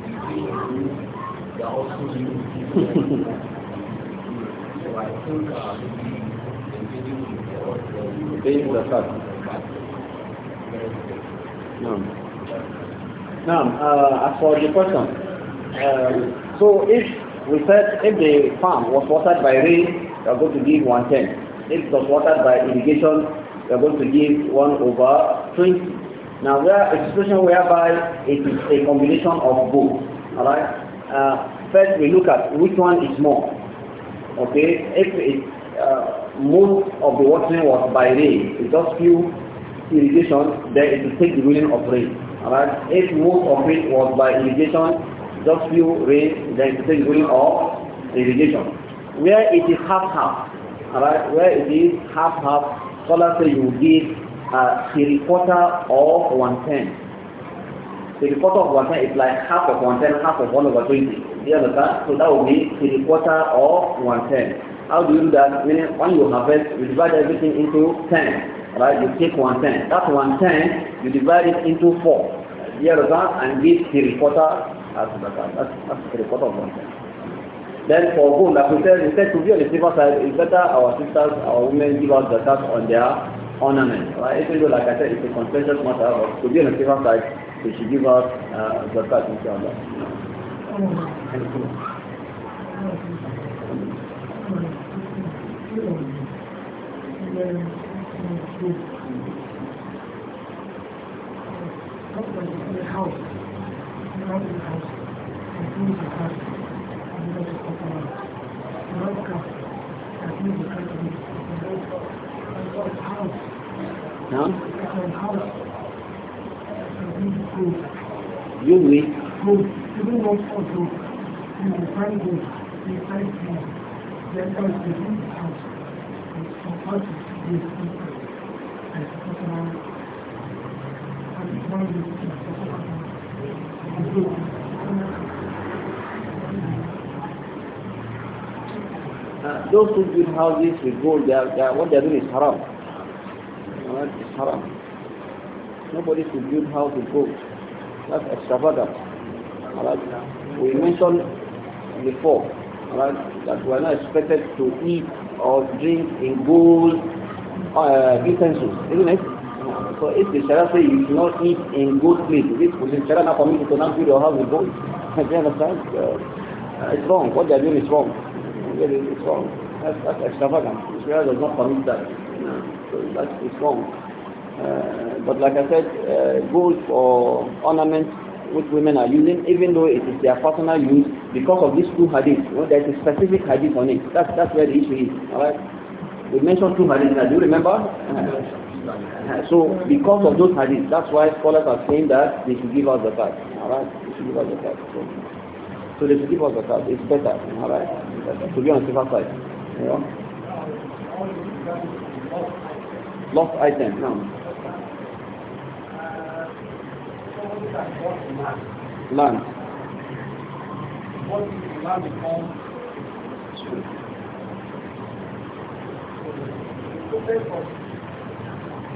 No.
Now, uh, as for the question, uh, so if we said if the farm was watered by rain, they are going to give 110. If it was watered by irrigation, they are going to give 1 over 20. Now there is a situation whereby it is a combination of both. Alright? Uh, first we look at which one is more. Okay? If it, uh, most of the watering was by rain, it just few irrigation, then it will take the ruling of rain. Alright? If most of it was by irrigation, just few rain, then it will take the ruling of irrigation. Where it is half-half, alright, where it is half-half, scholars say you give uh, three quarter of one tenth three quarter of one time is like half of one ten, half of one over twenty. Do you So that would be three quarter of one ten. How do you do that? Meaning when you harvest, you divide everything into ten. Right? You take one ten. That one ten, you divide it into four. Do you And give three quarter as the That's, that's three quarter of one ten. Then for whom like we said, instead to be on the silver side, it's better our sisters, our women give us zakat on their ornament. Right? Even though, like I said, it's a contentious matter, but to be on the silver side, we should give us uh, zakat inshallah.
Now? You
Uh, those who build houses with gold, they are, they are, what they are doing is haram. It's haram. Nobody should build house with gold. That's extravagant. Alright? We mentioned before alright, that we are not expected to eat or drink in gold uh, utensils, isn't it? So if the Sharia says you should not eat in gold plate, this will the Sharia not permit you to not feed your house with gold? Do you understand? Uh, it's wrong. What they are doing is wrong. It's wrong. That's, that's extravagant. The Sharia does not permit that. So that is wrong. Uh, but like I said, uh, gold or ornaments which women are using, even though it is their personal use, because of these two hadiths, you know, there is a specific hadith on it. That's, that's where the issue is. All right? We mentioned two hadiths do you remember?
Uh-huh.
so because of those hadiths, that's why scholars are saying that they should give us the card. Alright? They should give us the card. So, so they should give us the card. It's better. Alright? To be on the safer side. You know? Lost item, no.
and what land. Land. What is the land become? So the process of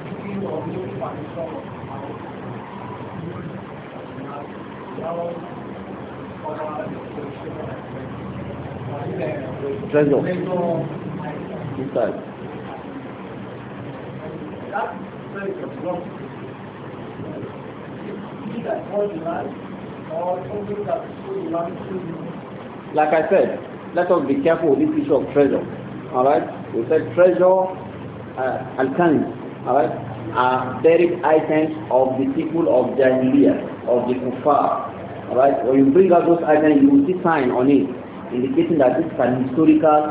giving or making permission of house, land, now other exploration Treasure. Inside. That place of Like
I said, let us be careful with this issue of treasure. Alright? We said treasure uh, and coins, alright, are buried items of the people of Jahiliyyah, of the Kufar. Alright? When you bring out those items, you will see sign on it indicating that this is an historical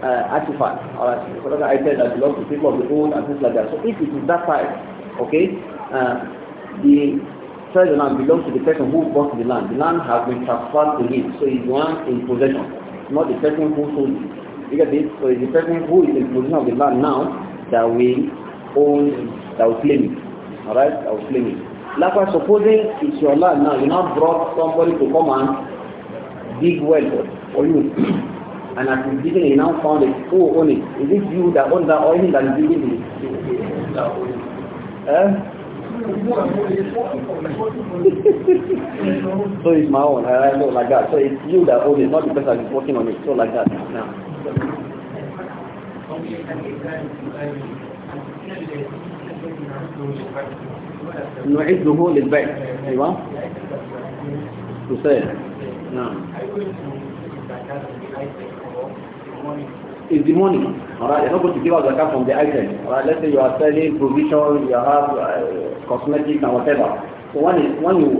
uh, artifact. Alright, Whatever item I said, that belongs to people of the old and things like that. So if it is that type, okay, uh, the sell the land belongs to the person who bought the land. The land has been transferred to him, so he's the one in possession, not the person who sold it. Because this, so it's the person who is in possession of the land now that will own, that will claim it. Alright, that will claim it. Likewise, supposing it's your land now, you now brought somebody to come and dig well for you. and as he's digging, he now found it. Who owns it? Is it you that owns that or him that is digging it? Eh? so it's my own, I know like that. So it's you that own it, not the person is working on it. So like that. Now.
back. You want to say? No
is the money. Alright, you're not going to give out zakat from the item. Alright, let's say you are selling provision, you have uh, cosmetics and whatever. So when, it, when you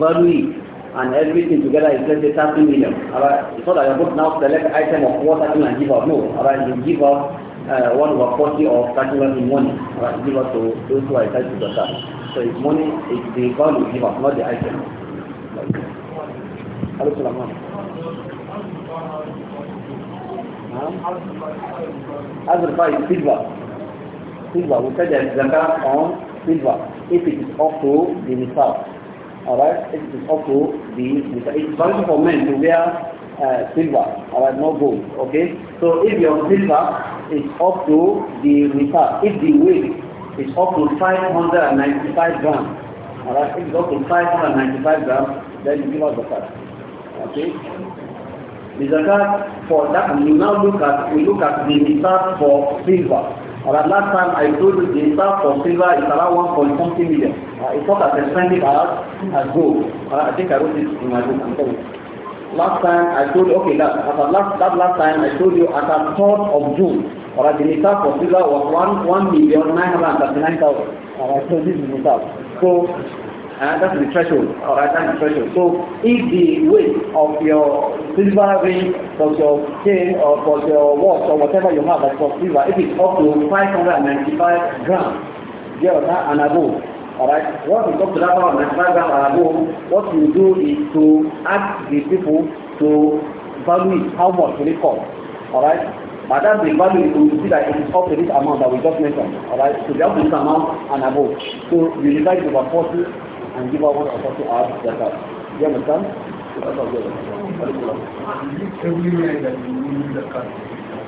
value it and everything together is let's say 30 million. Alright, so that you're going to now select item of what item and give out. No, alright, you give out uh, one over 40 or 31 in money. Alright, give out to those who are entitled to zakat. So it's money, it's the value you give out, not the item. Like,
Azurfa is
silver. Silver. We said that zakat on silver. If it is up to the nisab. Alright? If it is up to the nisab. It's permissible for men to wear uh, silver. Alright? No gold. Okay? So if your silver is up to the nisab, if the weight is up to 595 grams, alright? If it's up to 595 grams, then you give out the first. Okay? The zakat for that, we now look at, we look at the nisab for silver. All last time I told you the nisab for silver is around one point million. Uh, it's not as expensive as, as gold. Uh, I think I wrote this in my book, I'm sorry. Last time I told you, okay, that, as last, that last time I told you at the 3rd of June, all the nisab for silver was one one million nine hundred 939,000. All right, so this is nisab. So Uh, that's the threshold. All uh, right, that's the threshold. So if the weight of your silver ring plus your chain or for your watch or whatever you have that's for silver, if it's up to 595 grams, get that and above. Alright, once you come to that 595 grams and above, what you do is to ask the people to value it, how much will it cost. Alright, but that's the value you see that it is up to this amount that we just mentioned. Alright, so they have this amount and above. So you decide to over 40 and give out one or two hours zakat. You understand?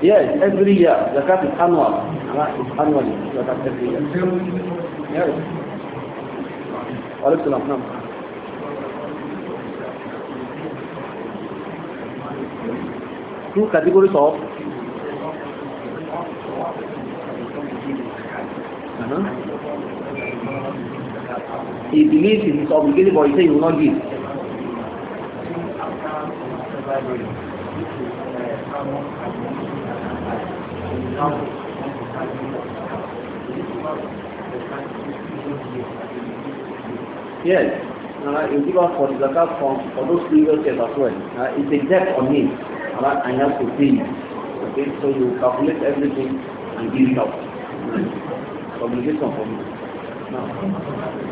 Yes, every year. Zakat is annual. annual. Zakat every year. Yes. وعليكم السلام نعم two categories uh -huh.
he believes his obligated but he says he will not give.
Yes, uh, give out for the from for those previous years as well. Uh, it's a debt on I have to pay. Okay, so you calculate everything and give it out.
Obligation for me.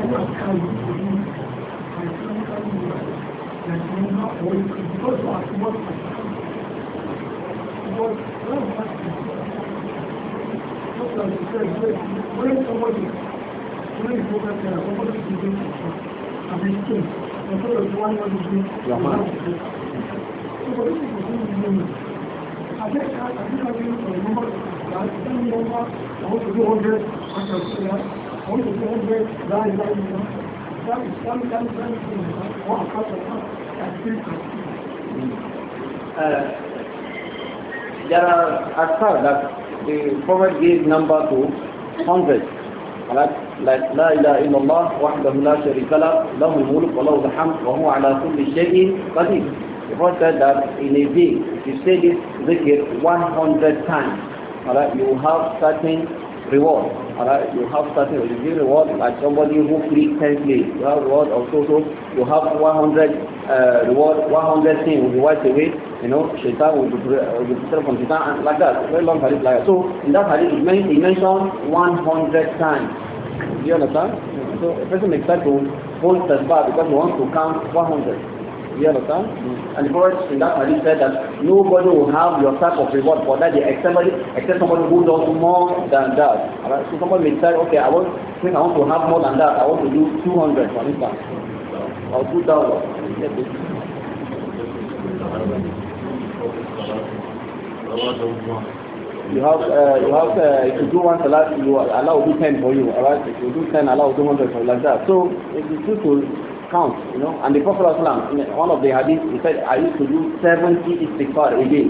I think I think I remember last time, I was 200, I was وانت بتقول ايه لا لا لا الاسلام كان كان واحد حتى
There are asar that the Prophet gave number to hundred. Right? Like لا إله إلا الله وحده لا شريك له له الملك وله الحمد وهو على كل شيء قدير. The Prophet said that in a day, if you say this zikr 100 times, right, you have certain reward. Alright, you have certain you give reward like somebody who frequently you have reward also so you have 100 uh, reward 100 things will be wiped away. You know, shaitan will be will be from shaitan and like that. Very long hadith like that. So in that hadith it mentioned, it mentioned 100 times. Do you understand? So a person makes that to hold that bar because he wants to count 100. You understand? Mm. And the Prophet in that hadith said that nobody will have your type of reward for that day except somebody, except somebody who does more than that. Alright, So somebody may say, okay, I want, think I want to have more than that. I want to do 200 for instance. Or 2,000. Yes, you have, uh, you have, uh, if you do one salat, you allow do 10 for you, alright? If you do 10, allow do 100 for you, like that. So, if you choose to count, you know. And the Prophet ﷺ, in one of the hadith, he said, I used to do 70 istighfar a day.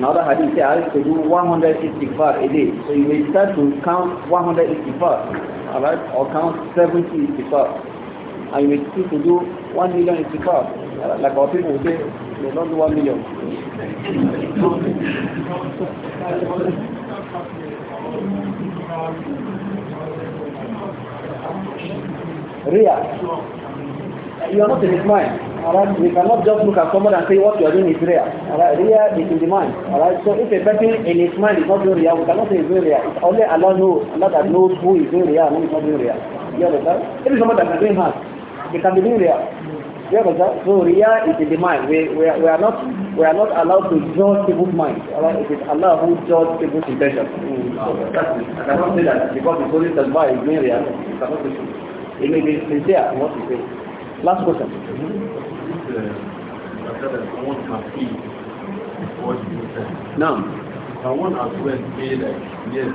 Another hadith said, I used to do 100 istighfar a day. So you may start to count 100 istighfar, alright, or count 70 istighfar. And you may start to do 1 million istighfar. Like our people would say, they don't do 1 million.
Ria
you are not in his mind. Alright, we cannot just look at someone and say what you are doing is real. Alright, real is in the mind. Alright, so if a person in his mind is not doing real, we cannot say it's doing rare. It's only Allah knows, Allah that knows who is doing real, and who is not doing real. You understand? If it's someone that can doing harm, they can be doing rare. You understand? So real is in the mind. We, we, are, we are not we are not allowed to judge people's mind. Alright, it is Allah who judges people's intention. Mm. So, I cannot say that because it's only Tazbah is doing real. It cannot be. It may be sincere in what you say. Last question. Now. I want as well say like, yes.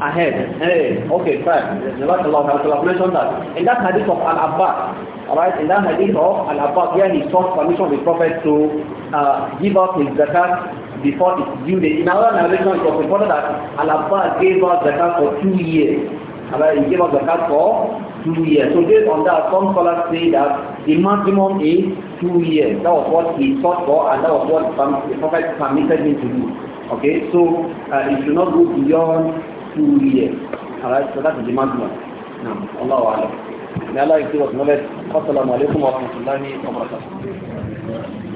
Ahead. Hey, okay, fine. I've mentioned that. In that hadith of Al-Abbas, alright, in that hadith of Al-Abbas, where he sought permission of the Prophet to uh, give up his zakat before its due date. In our narration, it was reported that Al-Abbas gave up zakat for two years. Alright, he gave up zakat for two years. So based on that, some scholars say that the maximum is two years. That was what he sought for and that was what the Prophet permitted him to do. Okay, so uh, it should not go beyond two years. Alright, so that is the maximum. Now, Allah Allah. May Allah give us knowledge. Assalamu alaikum wa rahmatullahi wa barakatuh.